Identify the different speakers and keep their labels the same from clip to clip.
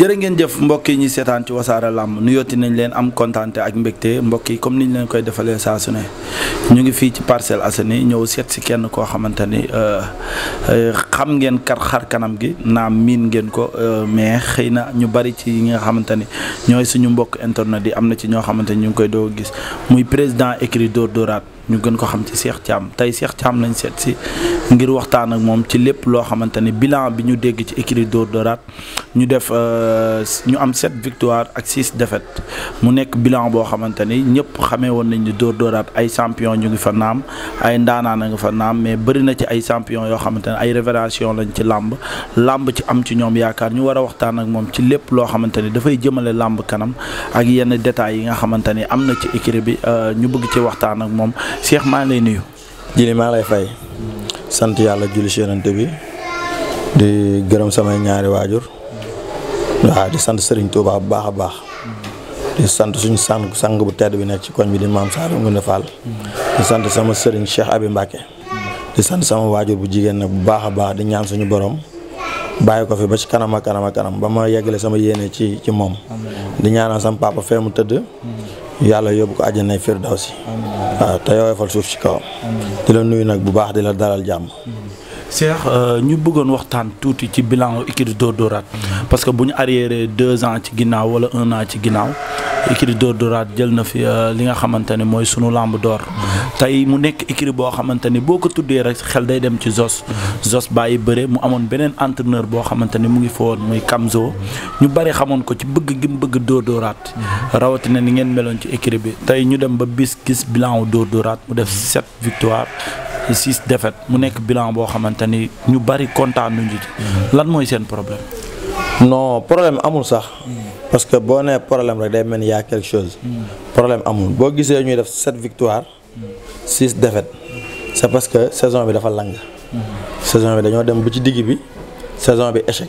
Speaker 1: jërë ngeen jëf mbokk yi ñu seetaan ci wasaare làmb nuyooti nañ leen am kontaante ak mbégte mbokk yi comme niñ leen koy defalee saa su ne ñu ngi fii ci Parcelles Assainies ñëw seet si kenn koo xamante ni euh, euh, xam ngeen kar xar kanam gi naa miin ngeen ko euh, mais xëy na ñu bari ci yi nga xamante ni ñooy suñu mbokk internet yi am na ci ñoo xamante ni ñu ngi koy doo gis muy président écrit Dóor Dóoraat ñu gën ko xam ci Cheikh Thiam tey Cheikh Thiam lañ seet si ngir waxtaan ak moom ci lépp loo xamante ne bilan bi ñu dégg ci écurie Dóor Dóoraat ñu def euh, ñu am set victoire ak six défaites mu nekk bilan boo xamante ni ñëpp xamee woon nañ ni Dóor Dóoraat ay champion ñu ngi fa naam ay ndaanaan a ngi fa naam mais bëri na ci ay champion yoo xamante ne ay révélation lañ ci làmb làmb ci am ci ñoom yaakaar ñu war a waxtaan ak moom ci lépp loo xamante ni dafay jëmale làmb kanam ak yenn détails yi nga xamante ni am na ci écurie bi euh, ñu bëgg ci waxtaan ak moom Cheikh maa ngi lay nuyu. jili maa lay fay.
Speaker 2: sant yàlla julli ci bi di gërëm samay ñaari waajur. waaw di sant sëriñ Touba bu baax a baax. di sant suñu sang sang bu tedd bi nekk ci koñ bi di maam Saalum Ngoune Fall. di sant sama sëriñ Cheikh Abi Mbacke. di sant sama waajur bu jigéen nag bu baax a baax di ñaan suñu boroom bàyyi ko fi ba ci kanam a kanam ba ma yeggalee sama yéene ci ci moom. di ñaanal sama papa fee tëdd. yàlla yóbbu ko àjjanay firdawsi waaw te yow fal suuf ci kawam di la nuyu nag bu baax di la dalal jàmm
Speaker 1: Cheikh euh, ñu bëggoon waxtaan tuuti ci bilan écurie Dóor Dóoraat parce que bu ñu arriéré deux ans ci ginnaaw wala un an ci ginnaaw écurie Dóor Dóoraat jël na fi euh, li nga xamante ne mooy sunu làmb door mhm. tey mu nekk écurie boo xamante ni boo ko tuddee rek xel day dem ci Zos mhm. Zos bàyyi bëre mu amoon beneen entraîneur boo xamante ni mu ngi foowoon muy Kamzo mhm. ñu bari xamoon ko ci bëgg gi mu bëgg Dóor Dóoraat rawatina ni ngeen meloon ci écurie bi tey ñu dem ba bis gis bilan wu Dóor Dóoraat mu def sept victoire six défaites mu nekk bilan boo xamante ni ñu bari kontaan nu ñu ci lan mooy seen problème. non
Speaker 2: problème amul sax. parce que boo nee problème rek day mel ni y quelque chose. problème amul boo gisee ñuy def sept victoire six défaites c'est parce que saison bi dafa lang. saison bi dañoo dem bu ci digg bi saison bi échec.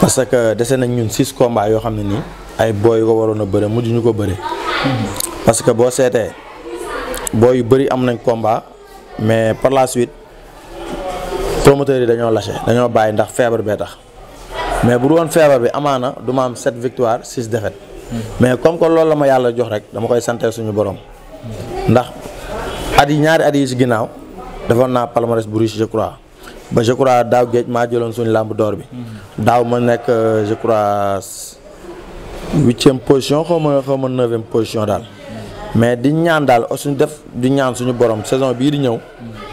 Speaker 2: parce que dese nañ ñun six combats yoo xam ne nii ay booy yu ko waroon a bëre mujj ñu ko bëre. parce que boo seetee booy yu bëri am nañ combat mais par la suite promoteurs yi dañoo lâché dañoo bàyyi ndax feebar bee tax mais bu du woon feebar bi amaana du ma am sept victoire six défaites mais comme que loolu la ma yàlla jox rek dama koy santeer suñu borom ndax at yi ñaari at yi si ginnaaw defoon naa palmarès bu riche je crois ba je crois daaw géej maa jëloon suñu làmb door bi daaw ma nekk euh, je crois huitième position xaw ma xaw ma neuvième position daal mais di ñaan daal suñu def di ñaan suñu borom saison bii di ñëw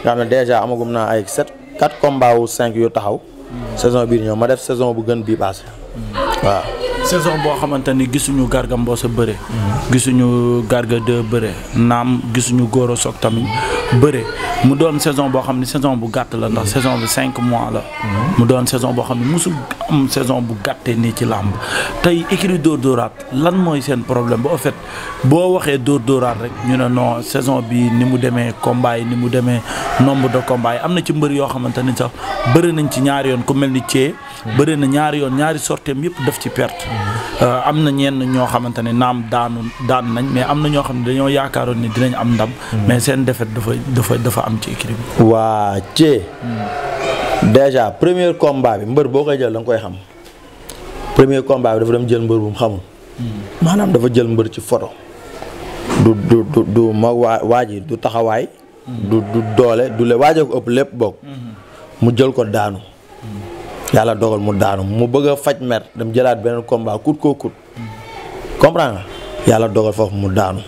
Speaker 2: nga xam ne dèjà amagum naa ay sept quatre combats wu cinq yu taxaw mm. saison bii di ñëw ma def saison bu gën bii passé
Speaker 1: mm. waaw saison boo xamante ni gisuñu Garga sa bëre. gisuñu Garga 2 bëre naam gisuñu Goro Sock tamit bëre mu doon saison boo xam ne saison bu gàtt la ndax saison bi cinq mois la. mu doon saison boo xam ne mosul am saison bu gàttee nii ci làmb tey écurie Dóor Dóoraat lan mooy seen problème ba fait boo waxee Dóor Dóoraat rek ñu ne non saison bi ni mu demee combat ni mu demee nomb de combat am na ci mbër yoo xamante ni sax bëri nañ ci ñaari yoon ku mel ni Thié. bëri na ñaari yoon ñaari sorteem yëpp def ci perte euh, am na ñenn ñoo xamante ne naam daanu daan nañ mais am na ñoo xam ne dañoo yaakaaroon ni dinañ am ndam mais seen défaite dafa dafa dafa am ci équipe
Speaker 2: bi waa ci hmm. déjà premier combat bi mbër boo koy jël da koy xam premier combat bi dafa dem jël mbër bu mu xamul hmm. maanaam dafa jël mbër ci photo du du du du ma waa du taxawaay hmm. du du doole du la waajee ko ëpp lépp bokk mu jël ko daanu yàlla dogal mu daanu mu bëgg a faj mer dem jëlaat beneen combat kut koo kut comprendre nga yàlla dogal foofu mu daanu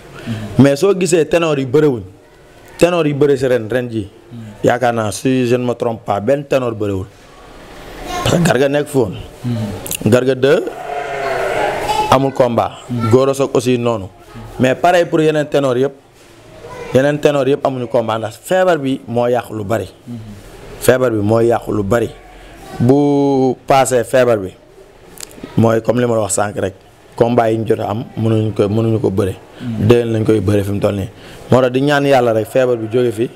Speaker 2: mais soo gisee tenoor yi bëriwuñ ténor yi bëri si ren ren ji yaakaar naa si je ne me benn ténor bëriwul parce garga nekk foon garga de amul combat góor aussi noonu mais pareil pour yeneen ténor yëpp yeneen ténor yëpp amuñu combat ndax feebar bi moo yàq lu bari feebar bi moo yàq lu bari bu paasee feebar bi mooy comme li ma wax sànq rek combat yi ñu jot am mënuñu ko mënuñu ko bëre. Mm. déwén lañ koy bëre fi mu toll nii moo tax di ñaan yàlla rek feebar bi jóge fi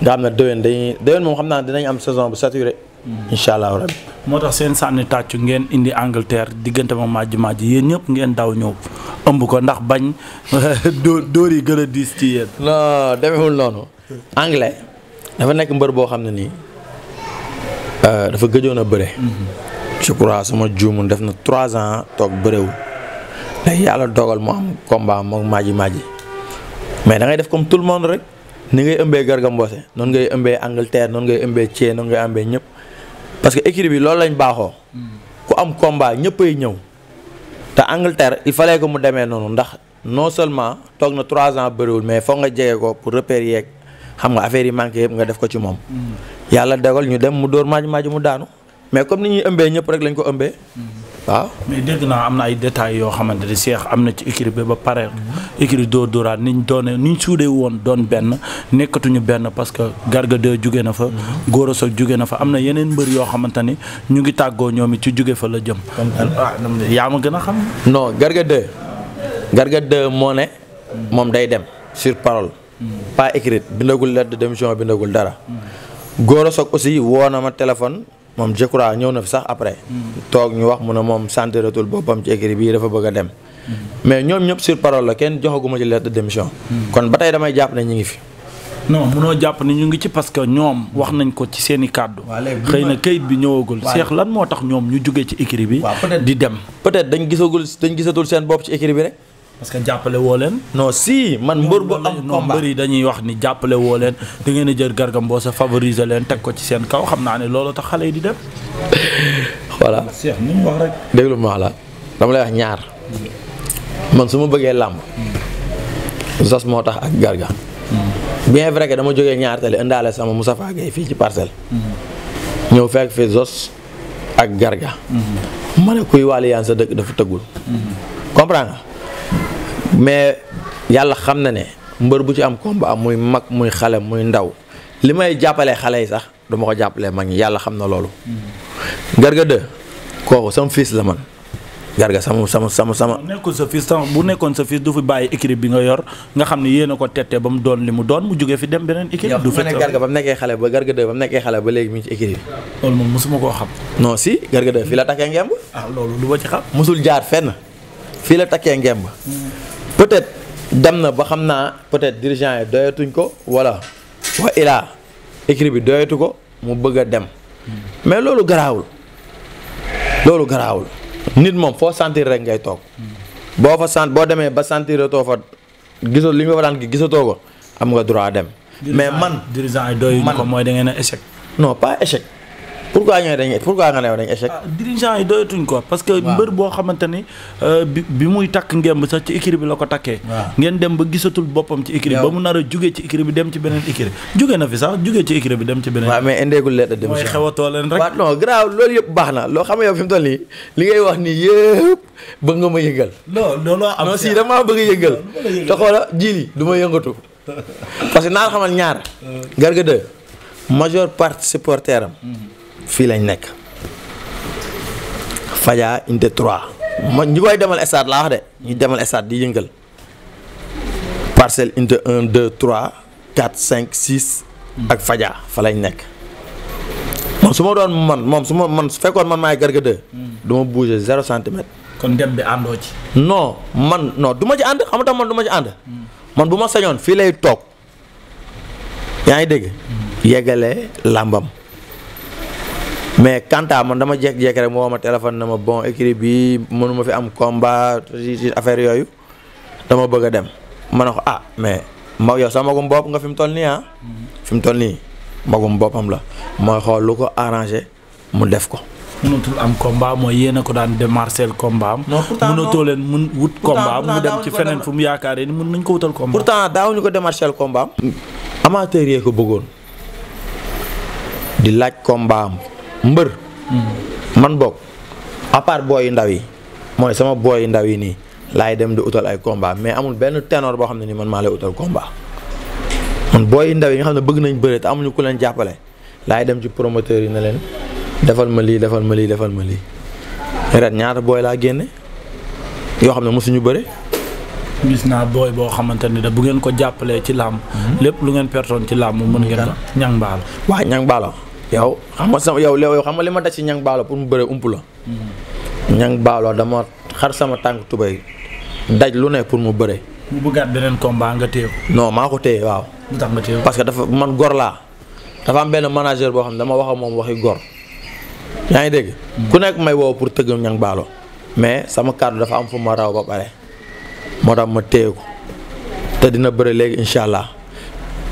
Speaker 2: nga xam ne déwén dañuy déwén moom xam naa dinañ am saison bu saturé. Mm. incha allah rabi.
Speaker 1: moo tax seen sànni
Speaker 2: tàccu ngeen indi
Speaker 1: Angleterre diggante ma màjj màjj yéen ñëpp ngeen daw ñëw ëmb ko ndax bañ
Speaker 2: dóor dóor yi gën a diis ci yéen. non demewul noonu. anglais dafa nekk mbër boo xam ne nii. Euh, dafa gëjoon a bëre. Mhm. je crois sama juumun def na trois ans toog bëreewul léegi yàlla dogal mu am combat moom maaji maaji mais da ngay def comme tout le monde rek ni ngay ëmbee Garga Mbossé noonu ngay ëmbee Angleterre noonu ngay ëmbee Thiès noonu ngay ëmbee ñëpp parce que équipe bi loolu lañ baaxoo. Mhm. ku am combat ñëppay ñëw. te Angleterre il fallait ko mu demee noonu ndax non seulement toog na trois ans bëriwul mais foog nga jege ko pour repérer yeeg. xam nga affaire yi manqué yëpp nga def ko ci moom. yàlla dogal ñu dem mu dóor maaju maaju mu daanu mais comme ni ñuy ëmbee ñëpp rek lañ ko ëmbee.
Speaker 1: waaw mais dégg naa am na ay détails yoo xamante ne Cheikh am na ci écurie ba pare. écurie dóor dóoraat niñ doone niñ suudee woon doon benn nekkatuñu benn parce que Garga jóge na fa. Gora Sock jóge na fa am na yeneen mbër yoo xamante ni ñu ngi tàggoo ñoom it ci jóge fa la jëm.
Speaker 2: yaa ma gën a xam. non Garga Garga moom day dem sur parole. pas écrite bindagul lettre de démission bindagul dara. Gora Sock aussi woo na ma téléphone moom je crois ñëw na fi sax après. toog ñu wax mu ne moom santiratul boppam ci écrit bii dafa bëgg dem. mais ñoom ñëpp sur parole la kenn joxaguma ci lettre de démission. kon ba tey damay jàpp ne ñu ngi fi. non munoo jàpp ni ñu ngi ci parce que ñoom wax
Speaker 1: nañ ko ci seen i kàddu. xëy na kayit bi ñëwagul. seex lan moo tax ñoom ñu jógee ci écrit bi. di dem peut dañ gisagul dañ gisatul seen bopp ci écrit bi parce que jàppale woo leen. non si man mbër bu am combat mbër yi dañuy wax ni jàppale woo leen da ngeen a jël gargam mboo sa favoriser leen teg ko ci seen kaw xam naa ne loolu tax xale yi di dem.
Speaker 2: voilà Cheikh ni ma la dama lay ñaar man su ma bëggee làmb. Zos moo tax ak garga. Hmm. bien vrai que dama jógee ñaar tali indaale sama Moustapha Gueye fii ci parcelle. Hmm. ñëw fekk fi Zos ak garga.
Speaker 3: Hmm.
Speaker 2: ma ne kuy wàllu yaan sa dëkk dafa tëggul. comprendre nga. mais yàlla xam na ne mbër bu ci am bu combat muy mag muy xale muy ndaw li may jàppalee xale yi sax du ko jàppalee mag ñi yàlla xam na loolu. Garga 2 kooku sama fils la man Garga sama sama sama sama. nekkul
Speaker 1: sa fils sama bu nekkoon sa fils du fi bàyyi équipe bi nga yor
Speaker 2: nga xam ne yéen a ko tette ba mu doon li mu doon mu jógee fi dem beneen équipe. du fekk Garga ba mu nekkee xale ba Garga 2 ba mu nekkee xale ba léegi mi ngi ci équipe loolu moom mosuma koo xam. non si Garga 2 la takkee ngemb. Ah, loolu du ma ci xam. mosul jaar fenn fii la takkee ngemb. Hmm. peut-être dem na ba xam naa peut-être dirigeant yi doyatuñ ko wala wa ilaa écrit bi doyatu ko mu bëgg a dem mais loolu garaawul loolu garaawul nit moom foo santir rek ngay toog boo fa sant boo demee ba sentir too fa gisoo li nga fa daan gisatoo ko am nga droit dem.
Speaker 1: mais man dirigeant yi doyuñu ko mooy da ngeen a échec. non pas échec. pourquoi ñooy dañ pourquoi nga ne dañ échec. Ah, dirigeant yi doyatuñ ko parce que. mbër boo xamante ni euh, bi bi muy takk ngemb sax ci écurie bi la ko takkee. ngeen dem ba gisatul boppam ci écurie bi. ba mu nar a jugee ci écurie bi dem ci beneen écurie. jugee na fi sax jugee ci écurie bi dem ci beneen.
Speaker 2: waaw mais indeegul leen dem mooy xewatoo leen rek. waaw non garaaw loolu yëpp baax na loo xam ne yow fi mu toll nii li ngay wax nii yëpp bëgg nga ma yëngal. non loolu am non si damaa bëgg yëngal. te xoola jiili du ma yëngatu. parce que naa xamal ñaar. Euh. Garga 2 majeure partie supporter am mm-hmm. fii lañ nekk fajaa unité 3 man ñi koy demal stade laa wax de ñu demal stade di yëngal parcelle unité 1 2 3 4 5 6 ak fajaa fa lañ nekk moom su ma doon man moom su ma man su fekkoon man maay Garga 2 du ma bouger zéro centimètre. kon dem bi àndoo ci. non man non du ma ci ànd xam nga man du ma ci ànd. man bu ma sañoon fii lay toog yaa ngi dégg. yeggale làmbam. mais Kanta man dama jékki-jékki rek moo ma téléphone na ma bon écrit bi mënuma fi am combat ci affaire yooyu dama bëgg a dem ma ne ko ah mais ma yow sa magum bopp nga fi mu toll nii ah fi mu toll nii magum boppam la mooy xool lu ko arrangé mu def ko.
Speaker 1: mënatul am combat mooy yéen a ko daan démarché combat am. non pourtant leen mun wut. combat mu dem ci feneen fu yaakaar yaakaaree ni mën nañ ko wutal
Speaker 2: combat. pourtant daawuñu ko démarché combat am. amateur yee ko bëggoon di laaj combat am. mbër man boog à part booy ndaw yi mooy sama booy ndaw yi nii laay dem di utal ay combat mais amul benn ténor boo xam ne nii man maa lay utal combat man booy ndaw yi nga xam ne bëgg nañ bëre te amuñu ku leen jàppale laay dem ci promoteur yi ne leen defal ma lii defal ma lii defal ma lii ret ñaata booy laa génne yoo xam ne mosuñu bëre
Speaker 1: gis naa booy boo xamante ni da bu ngeen ko jàppalee ci làmb hmm. lépp lu ngeen pertoon ci làmb mën ngeen ko ñang baala
Speaker 2: waaw yow xam ma sama yow yow xam nga li ma daj si ñang baalo pour mu bëree ump la. ñang mm-hmm. baalo dama xar sama tànk tubay daj lu ne pour mu bëree. mu beneen combat nga téye non maa ko téye waaw. lu tax nga parce que dafa man gor laa dafa am benn manager boo xam ne dama wax ak moom waxi gor. yaa ngi dégg. Mm-hmm. ku nekk may woo pour tëgg ñang baalo mais sama kàddu dafa am fu ma raw ba pare moo tax ma téye ko te dina bëre léegi incha allah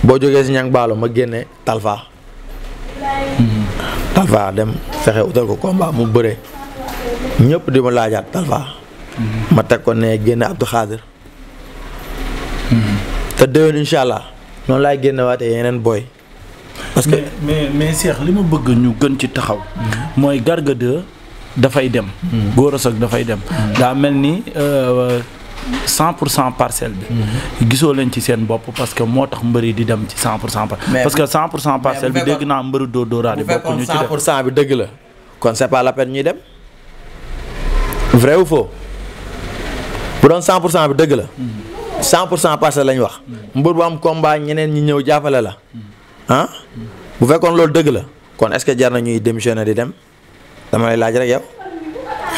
Speaker 2: boo jógee si ñang baalo ma génne talfa. Talfa dem fexe utal ko combat mu bëre ñëpp di ma laajaat Talfa. ma teg ko ne génne Abdou Khadir. te déwén incha allah noonu laay génnewaatee yeneen booy. parce que
Speaker 3: mais
Speaker 1: mais Cheikh li mu bëgg ñu gën ci taxaw. mooy Garga 2 dafay dem. Hmm. Gora dafay dem. Hmm. daa mel ni. Euh, cent pour cent parcelle bi mhm. gisoo leen ci seen bopp parce que moo tax mbëri di dem ci cent pour cent parce que cent pour cent parcelle bi dégg naa mbëri
Speaker 2: doo dooraa di bopp ñu ci bi dëgg la kon c'est pas la ñuy dem vrai ou faux bu doon cent pour cent bi dëgg la cent pour cent parcelle lañ wax mhm. mbër bu am combat ñeneen ñi ñëw jàppale la mhm. ah bu fekkoon loolu dëgg la kon est-ce que jar na ñuy démissionner di dem dama lay laaj rek yow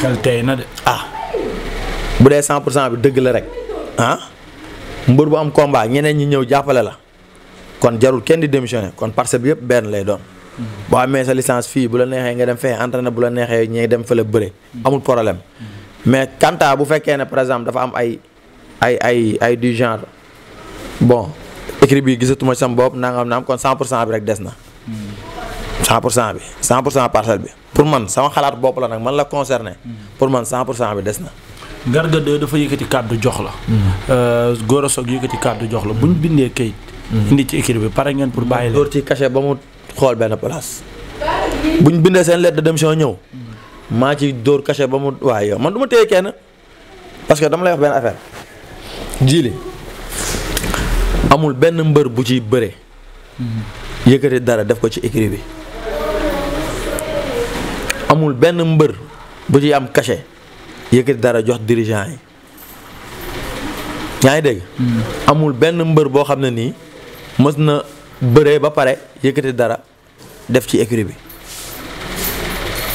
Speaker 2: xel tey na de ah bu dee 100 pour cent bi dëgg la rek ah mbër bu am combat ñeneen ñi ñëw jàppale la kon jarul kenn di démissionner kon parcelle bi yëpp benn lay doon. boo amee sa licence fii bu la neexee nga dem fee entraîné bu la neexee ñee dem fa la bëre. amul problème mais kanta bu fekkee ne par exemple dafa am ay ay ay ay du genre bon écrit bi gisatuma sama bopp nangam am kon 100 pour cent bi rek des na. 100 pour cent bi 100 pour cent parcel bi pour man sama xalaat la nag man la concerné. pour man 100 cent bi des na. Garga 2 dafa yëkkati kàddu jox la. Mm-hmm. Euh, Gora Sock yëkkati kàddu jox la bu ñu bindee kayit. Mm-hmm. indi ci équipe bi pare ngeen pour bàyyi leen. door ci kase ba mu xool benn place. buñ bindee seen lettre de démission ñëw. Mm-hmm. maa ci dóor cachet ba mu waaye man du ma téye kenn parce que dama lay wax benn affaire. jili amul benn mbër bu ci bëre. yëkkati dara def ko ci écrit bi amul benn mbër bu ci am cachet yëkkati dara jox dirigeant yi yaa ngi dégg. Hmm. amul benn mbër boo xam ne nii mës na bëre ba pare yëkkati dara def ci écurie bi.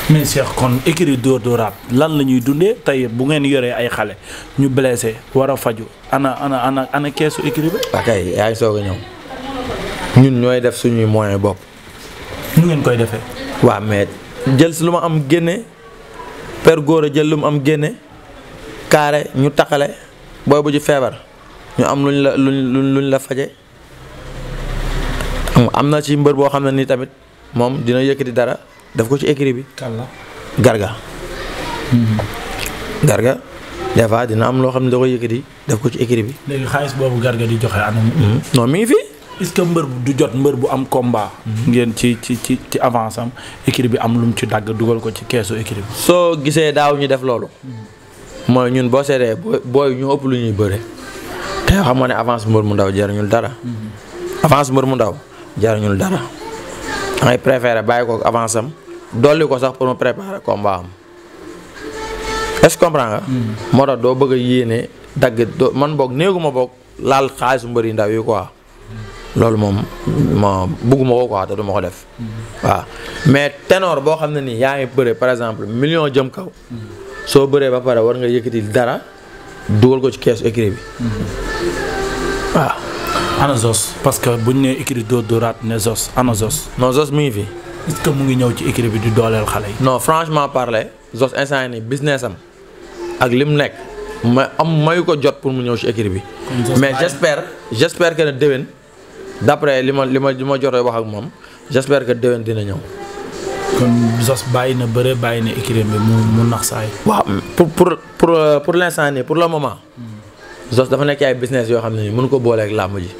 Speaker 2: mais Cheikh kon écurie dóor dóoraat lan la ñuy
Speaker 1: dundee tey bu ngeen yoree ay xale ñu blessé wara faju ana ana ana ana keesu
Speaker 2: écurie bi. ok ah yaa ngi soog a ñëw ñun ñooy def suñuy moyen bopp. ñu ngeen koy defee. waaw mais jël si lu ma am génne. per góor a jël lu mu am génne kaare ñu taqale booy bu ji feebar ñu am luñ la lu luñ la faje am am na ci mbër boo xam ne ni tamit moom dina yëkkati dara daf ko ci écrit bi garga mhm. garga des fois dina am loo xam ne da koy yëkkati daf ko ci écrit bi
Speaker 1: léegi xaalis boobu garga di joxe anam mhm. non mi ngi fi est-ce que mbër du jot mbër bu am combat. Mhm. ngeen ci ci ci avance am équipe bi am lu mu ci dagg ko ci keesu équipe
Speaker 2: soo gisee daaw ñu def loolu. mooy ñun boo seetee booy ñu lu ñuy bëre. xam nga ne avance mbër mu ndaw jariñul dara. Mhm. avance mbër mu ndaw jariñul dara. dangay préféré bàyyi ko avance am dolli ko sax pour mu préparer est-ce que comprends nga. Mhm. moo tax doo bëgg yéene dagg man boog néegu ma boog laal xaalisu mbër yi ndaw yi quoi. loolu moom ma bugguma ko quoi te du ko def waaw mais ténor boo xam ne nii yaa ngi bëre par exemple million jëm kaw soo bëree ba pare war nga yëkkati dara dugal ko ci keesu écrit bi
Speaker 1: waaw. ana Zos parce que buñ ne écrit dóor dóoraat ne Zos ana Zos. non Zos mu ngi fi. est mu ngi ñëw ci écrit bi di dooleel xale yi.
Speaker 2: non franchement parler Zos instant yii nii business am ak lim nekk ma am mayu ko jot pour mu ñëw ci écrit bi. mais j'espère j'espère que ne déwén. d'après li ma li ma li ma jotee wax ak moom j'espère que déwén dina ñëw.
Speaker 1: kon Zoss bàyyi na bëre bàyyi na écurie bi mu mu nax saay. waaw
Speaker 2: pour pour pour euh, pour l'instant nii pour le moment. Hmm. Zoss dafa nekk ay business yoo xam ne nii mënu ko booleek làmb ji.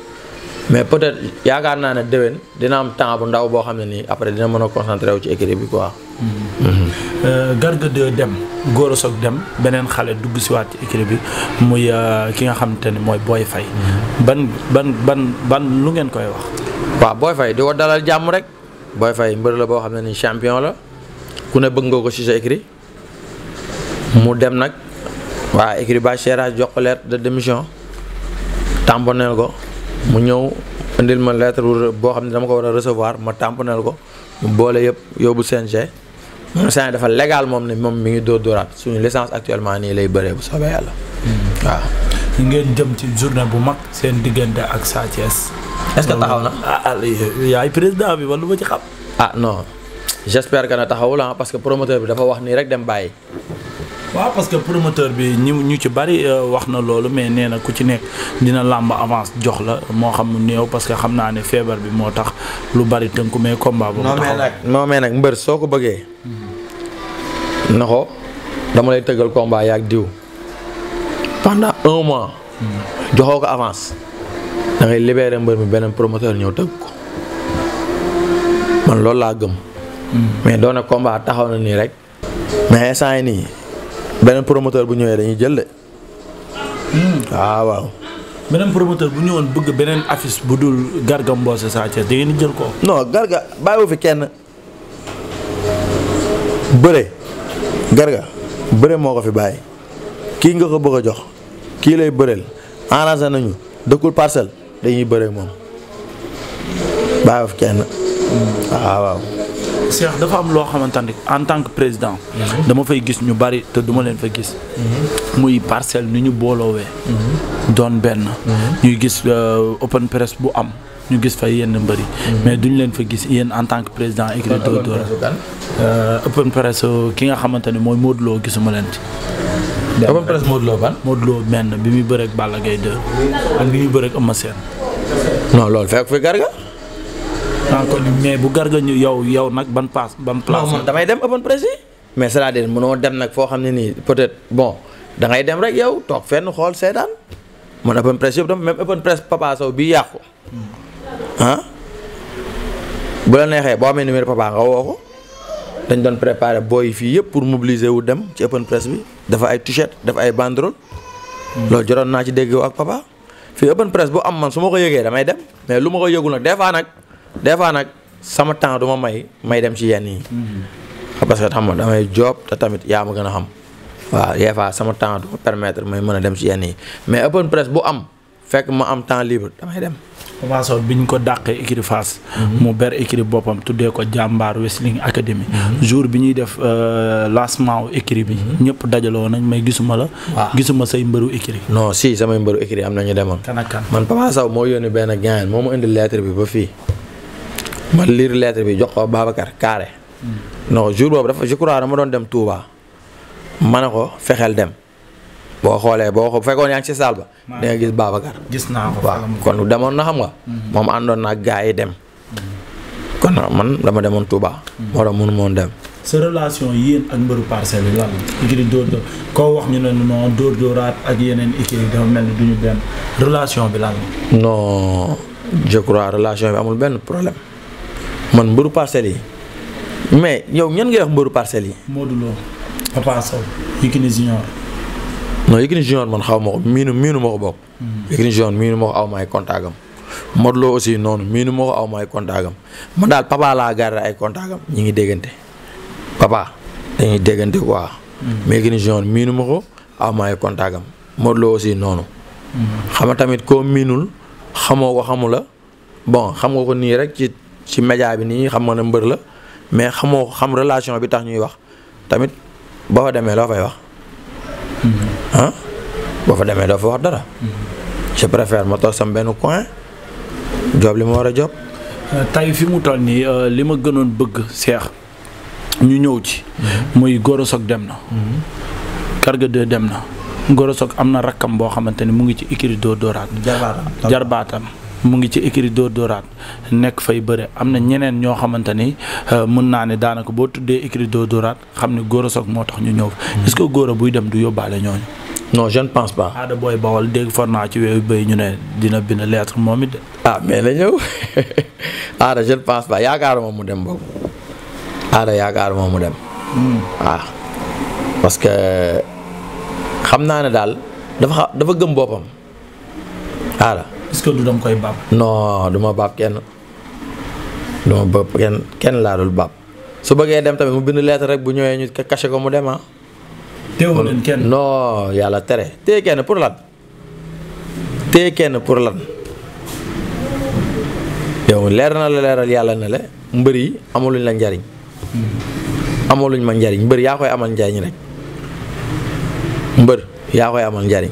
Speaker 2: mais peut-être yaakaar naa ne déwén dina am temps bu ndaw boo xam ne nii après dina mën a concentré wu ci équipe bi quoi.
Speaker 3: Mm-hmm.
Speaker 1: Euh, Garga 2 dem Gora Sock dem beneen xale dugg si waat ci équipe bi muy euh, ki nga xamante ni mooy Boy Faye mm-hmm.
Speaker 2: ban ban ban lu ngeen koy wax. waaw Boy Faye di ko dalal jàmm rek Boy Faye mbër la boo xam ne nii champion la ku ne bëgg nga ko si sa écrit mu dem nag waa écrit ba Serras jox ko lettre de démission tamponeel ko. mu ñëw indil ma lettre boo xam ne dama ko war a recevoir ma tamponel ko mu boole yëpp yóbbu CNG moom CNG dafa legal moom ne moom mi ngi door dóoraat suñu licence actuellement nii lay bëree bu soobee yàlla hmm. waaw.
Speaker 1: ngeen jëm ci journée bu mag seen
Speaker 2: diggante ak Sa Thiès. est-ce taxaw na ah, ah yaay président bi lu ma ci xam. ah non j'espère que ne taxawul ah parce que promoteur bi dafa wax nii rek dem bàyyi.
Speaker 1: waaw parce que promoteur bi ñu ñu ci bari euh, wax na loolu mais nee na ku ci nekk dina làmb avance jox la moo xam mu néew parce que xam naa ne feebar bi moo tax lu bari tënku mais komba ba mu
Speaker 2: taxaw nag mbër soo ko bëggee mhm. na dama lay tëggal combat yaag diw pendant un mois mhm. joxoo ko avance da ngay mbër mi beneen promoteur ñëw tëgg ko man loolu laa gëm mhm. mais doona combat taxaw na nii rek mais instant nii beneen promoteur bu ñëwee dañuy jël de. waaw hmm. ah, waaw. beneen promoteur bu
Speaker 1: ñëwoon bëgg beneen affiche bu dul Garga Mbossé Sa Thiès da ngeen jël ko.
Speaker 2: non Garga bàyyiwu fi kenn bëre Garga bëre moo ko fi bàyyi kii nga ko bëgg a jox kii lay bëreel arrangé nañu dëkkul parcelle dañuy bëre moom bàyyiwu fi kenn hmm. ah, waaw
Speaker 1: waaw. Cheikh dafa am loo xamante ne en tant que président. Mhm. dama fay gis ñu bari te duma leen fa gis. Mhm. muy parcelle ni ñu booloowee. Mhm. doon benn. ñuy gis euh, open press bu am. ñu gis fay yenn mbëri mais duñ leen fa gis yéen en tant que président écrit Dóor euh, open press euh, ki nga xamante ne mooy Modou Lo gisuma leen ci. open press Modou menn bi muy bëreeg Balla Gaye 2 ak bi muy bëreeg Eumeu
Speaker 2: Sène. non loolu fekk fi garga donc mais bu garga ñu yow yow nag ban paas ban place. damay dem open press yi mais c'est-à-dire mënoo dem nag foo xam ne nii peut-être bon dangay dem rek yow toog fenn xool seetaan man open press yëpp dama même open press Papa Sow bi yàqu ah bu la neexee boo amee numéro Papa nga woo dañ doon préparer booy fii yëpp pour mobiliser wu dem ci open press bi dafa ay t-shirt ay banderole. Hmm. loolu jotoon naa ci déggoo ak Papa. fii open press bu am man su ma ko yëgee damay dem mais lu ma ko yëgul nag des nag. des fois nag sama temps du may may dem ci yenn yi.
Speaker 3: Mm-hmm.
Speaker 2: parce que xam nga damay job te tamit yaa ma gën a xam. waaw des fois sama temps du ma permettre may mën a dem ci yenn yi mais open press bu am fekk ma am temps libre damay dem.
Speaker 1: Papa Sow bi ñu ko dàqee écurie Fass mm-hmm. mu ber écurie boppam tuddee ko jàmbaar Wrestling Academy mm-hmm. jour bi ñuy def euh, lancement wu écurie bi ñëpp dajaloo
Speaker 2: nañ mais gisuma la gisuma say mbëru écurie non si samay mbëru écurie am nañu demoon kan ak man Papa Sow moo yónni benn gain moo ma indi lettre bi ba fii ma liir lettre bi jox ko Babacar carré. no jour boobu dafa je crois dama doon dem Touba. ma ne ko fexeel dem. boo xoolee boo ko fekkoon yaa ngi ci saal ba. da gis Babacar. gis naa ko waaw kon demoon na xam nga. Mhm. moom àndoon na ak gaa yi dem. Mhm. kon na man dama demoon Touba. Mhm. moo tax moon dem.
Speaker 1: sa relation yéen ak mbëru parcelle yi lan la. ikiri dóor wax ñu ne non dóor dóoraat ak yeneen ikiri dafa relation bi lan
Speaker 2: la. non je crois relation bi amul benn problème. man mbëru parcelles yi mais yow ñan ngay wax mbëru parcelles yi.
Speaker 1: Modou Lo Papa Sow Yékini Junior.
Speaker 2: non Yékini Junior man xaw ma ko miinu miinu ma ko bokk. Hmm. Yékini Junior noonu miinu ma ko aw ma ay contactam man daal papa ngi déggante papa dañuy hmm. Junior miinu ma ko aw ma ay contactam Modou aussi noonu. Hmm. xam nga tamit koo miinul xamoo ko xamula bon xam nga ko nii rek ci. ci média bi nii xam nga ne mbër la mais xamoo xam relation bi tax ñuy wax tamit boo fa demee loo fay wax. ah boo fa demee doo fa wax dara. Mm-hmm. je préfère ma toog sam benn coin job li ma war a job. Euh, tey fi mu toll nii euh, li ma gënoon
Speaker 1: bëgg seex ñu ñëw ci. Mm-hmm. muy Gora Sock dem na. Garga 2 dem na. Gora Sock am na rakkam boo xamante ni mu ngi ci écurie Dóor Dóoraat. jarbaatam jarbaatam. mu ngi ci écurie Dóor Dóoraat nekk fay bëre am na ñeneen ñoo xamante ni euh, mën naa ne daanaka boo tuddee écurie Dóor Dóoraat xam ne Gora Sock moo tax ñu ñëw hmm. est-ce que Gora buy dem du yóbbaale
Speaker 2: ñooñu. non je ne
Speaker 1: pense pas. aada booy bawal dégg for naa ci weewu béy ñu ne dina bind
Speaker 2: lettre moom it. ah mais na ñëw aada je ne pense pas mu dem boobu aada yaakaaruma mu dem. waaw hmm. ah. parce que xam naa ne daal dafa dafa gëm boppam aada. que du danga koy bàpp. non kenn du ma kenn kenn laa dul su bëggee dem tamit mu bind lettre rek bu ñëwee ñu caché ko mu dem ah. teewoo leen kenn non yàlla tere téye kenn pour lan téye kenn pour lan yow leer na la leeral yàlla na le mbër yi amaluñ la njariñ hmm. amaluñ ma njariñ mbër yaa koy amal njariñ rek mbër yaa koy amal njariñ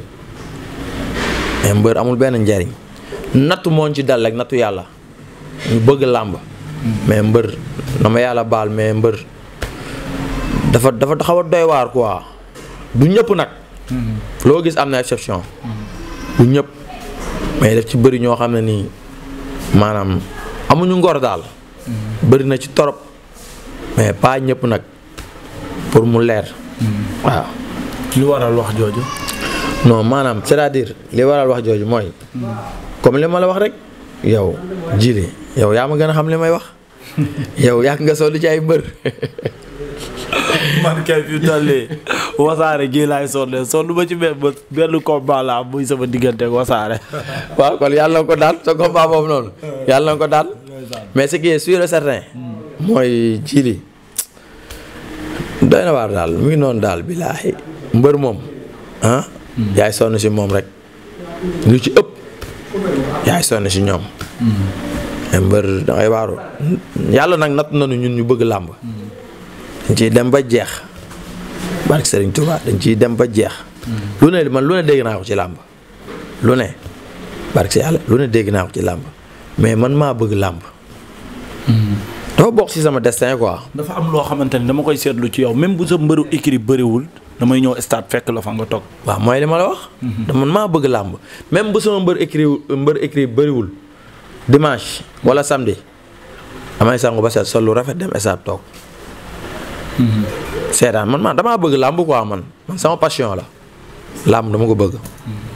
Speaker 2: mais mbër amul benn njariñ nattu mooñ ci dal rek nattu yàlla ñu bëgg làmb mais mbër na ma yàlla baal mais mbër dafa dafa xaw a doy waar quoi du ñëpp nag
Speaker 3: mm-hmm.
Speaker 2: loo gis am na exception du ñëpp mais def ci bëri ñoo xam ne nii maanaam amuñu ngor daal mm-hmm. bëri na ci torop mais pas ñëpp nag pour mu leer mm-hmm. waaw li waral wax jooju non maanaam c'est-à-dire li waral wax jooju mooy comme li ma la wax rek yow jili yow yaa ma gën a xam li may wax yow yàgg nga sol ci ay mbër. man kay fi tollee wasaare gii laay sonne sonn ba benn benn combat la muy sama diggante wasaare. waaw kon yàlla na ko daal sa combat boobu noonu. yàlla na ko daal. mais ce qui est sûr certain. mooy jili doy na waar daal mu ngi noonu daal billaahi mbër moom ah. yaay sonn si moom rek lu ci ëpp. yaay sonn si ñoom. mbër dangay waaru yàlla nag natt nañu ñun ñu bëgg làmb. dañ ciy dem ba jeex barke Serigne Touba dañ ciy dem ba jeex. lu ne man lu ne dégg naa ko ci làmb lu ne barke yàlla lu ne dégg naa ko ci làmb mais man maa bëgg làmb. dafa bokk ci sama destin quoi. dafa am loo xamante ni dama koy seetlu ci yow même bu sa mbëru écrit bëriwul. damay ñëw stade fekk la fa nga toog. waaw mooy li ma la wax. Mhm. man maa bëgg làmb même bu sama mbër écrit mbër écrit bëriwul dimanche wala samedi damay sangu ba set sol lu rafet dem stade toog. Mhm. seetaan man maa damaa bëgg làmb quoi man man sama passion la làmb dama ko bëgg. Mhm.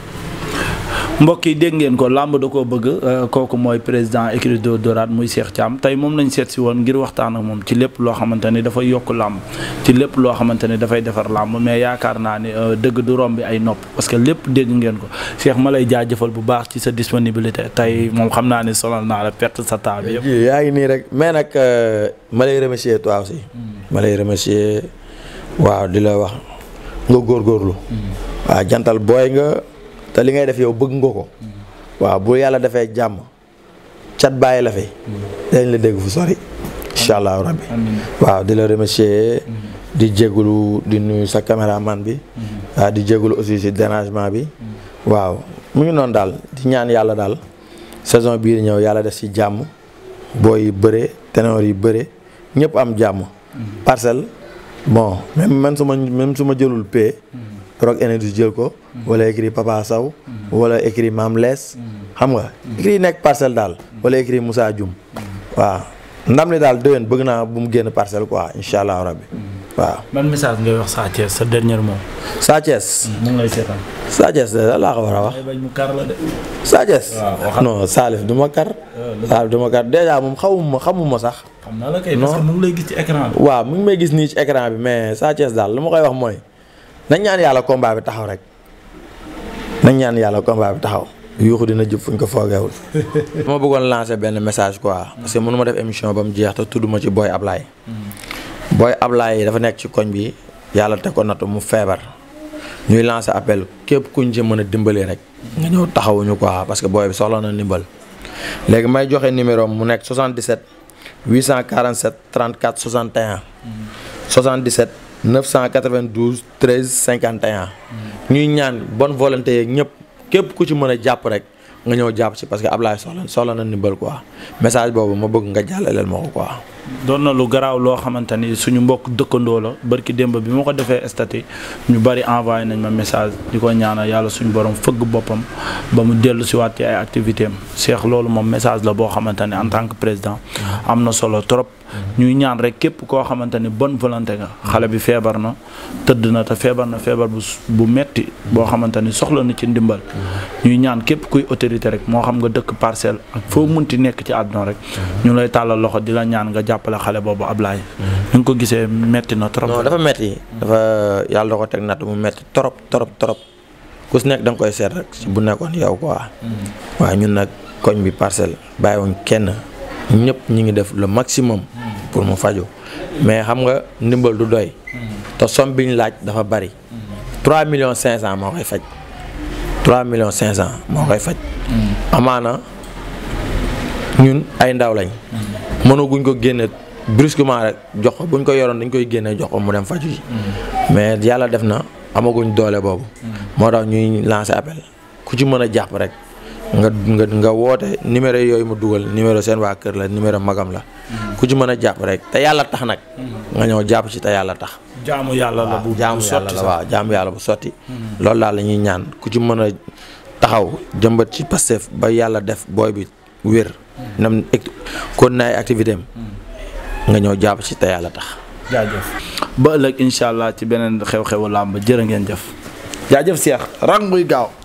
Speaker 2: mbokk yi dégg ngeen ko làmb da
Speaker 1: koo bëgg euh, kooku mooy président écurie de Dorade muy Cheikh Thiam tey moom lañ seet si woon ngir waxtaan ak moom ci lépp loo xamante ni dafay yokk làmb ci lépp loo xamante ni dafay defar làmb mais yaakaar naa ni euh, dëgg du romb ay nopp parce que lépp dégg ngeen ko Cheikh ma lay jëfal bu baax ci sa disponibilité tey moom xam naa ne sonal naa la perte sa temps bi
Speaker 2: yaa ngi nii rek mais nag euh, ma lay remercier toi aussi. Hmm. ma lay remercier waaw di la wax nga góorgóorlu. Hmm. te li ngay def yow bëgg nga ko waaw bu yàlla defee jàmm cat bàyyi la fi dañ la dégg fu sori incha allahu rabbi waaw di la remercier mm-hmm. di jégalu di nuyu sa caméraman bi mm-hmm. waaw di jégalu aussi si dérangement bi mm-hmm. waaw mu ngi noonu daal di ñaan yàlla daal saison bii ñëw yàlla def si jàmm booy yi bëre ténor yi bëre ñëpp am jàmm parcelle bon même man su ma même jëlul paie Rock Énergie jël ko. Mhm. wala écrit Papa Sow. Mhm. wala écrit Mam Lees. Mhm. xam nga écrit nekk parcelle daal. wala écrit Moussa Dioum. waaw ndam li daal déwén bëgg naa bu mu génn parcelle quoi incha allah rabbi waaw.
Speaker 1: ban message ngay wax Sa Thiès sa dernier mot. Sa
Speaker 2: Thiès. mu ngi lay laa ko war a wax.
Speaker 1: Sa Thiès. non
Speaker 2: du ma kar. Salif du ma kar euh, dèjà moom xamuma xamuma sax.
Speaker 1: xam naa la kay parce que
Speaker 2: lay gis ci écran bi. waaw mu may gis nii ci écran bi mais Sa Thiès daal lu ma koy wax mooy. nañ ñaan yàlla combat bi taxaw rek nañ ñaan yàlla combat bi taxaw yuuxu dina jub fuñ ko foogeewul. dama bëggoon lancer benn message quoi. parce que mënu ma def émission ba mu jeex te tudd ma ci booy Ablaye.
Speaker 3: Mm-hmm.
Speaker 2: Boy Ablaye dafa nekk ci koñ bi yàlla te ko nattu mu feebar ñuy lancer appel képp kuñ ci mën a dimbalee rek. nga ñëw taxawuñu quoi parce que booy bi soxla na ndimbal. léegi may joxe numéro mu nekk 77 847 34 61. 77. 992 13 51. ñuy ñaan bon volonté yeeg ñëpp képp ku ci mën a jàpp rek nga ñëw jàpp ci parce que Ablaye soxla soxla na ndimbal quoi message boobu ma bëgg nga jàllaleel ma ko quoi. doon na lu
Speaker 1: garaaw loo xamante ni suñu mbokk dëkkandoo la barki démb bi ma ko defee statut ñu bari envoyé nañ ma message di ko ñaanal yàlla suñu borom fëgg boppam ba mu dellu si waat ay activité am seex loolu moom message la boo xamante ne en tant que président am na solo trop. ñuy ñaan rek képp koo xamante ni bonne volonté nga xale bi feebar na tëdd na te feebar na feebar bu bu metti boo xamante ni soxla na ci ndimbal ñuy ñaan képp kuy autorité rek moo xam nga dëkk parcelle foo mun ti nekk ci àdduna rek ñu lay tàllal loxo di la ñaan nga jàppale xale boobu
Speaker 2: Ablaye ñu ngi ko gisee metti na trop dafa metti yàlla ko teg natt mu metti trop trop trop ku si nekk da koy seet rek bu nekkoon yow quoi mm-hmm. waaw ñu nag koñ bi parcelle bàyyiwuñ kenn ñëpp ñu ngi def le maximum pour mu faju mais xam nga ndimbal du doy mm-hmm. te somme bi laaj dafa bari 3 mm-hmm. millions 500 moo koy faj 3 millions 500 moo koy faj mm-hmm. amaana ñun ay ndaw lañ mënaguñ ko génne brusquement rek jox ko bu buñ ko yoroon dañ koy génnee jox ko mu dem faju ji mais yàlla def na amaguñ doole boobu moo tax ñuy lancer appel ku ci mën a jàpp rek nga nga nga woote numéro yooyu mu dugal numéro seen waa kër la numéro magam la ku ci mën a jàpp rek te yàlla tax nag. nga ñëw jàpp ci te yàlla tax. jaamu yàlla la bu jaamu la waaw jaamu yàlla bu sotti. Hmm. loolu daal la ñuy ñaan ku ci mën a taxaw jëmbat ci Pastef ba yàlla def booy bi wér. Hmm. nam kon naay activité am. Hmm. nga ñëw jàpp ci te yàlla tax.
Speaker 1: jaajëf ba ëllëg incha allah ci beneen xew-xewu làmb jërë ngeen jëf. jaajëf Cheikh rang muy gaaw.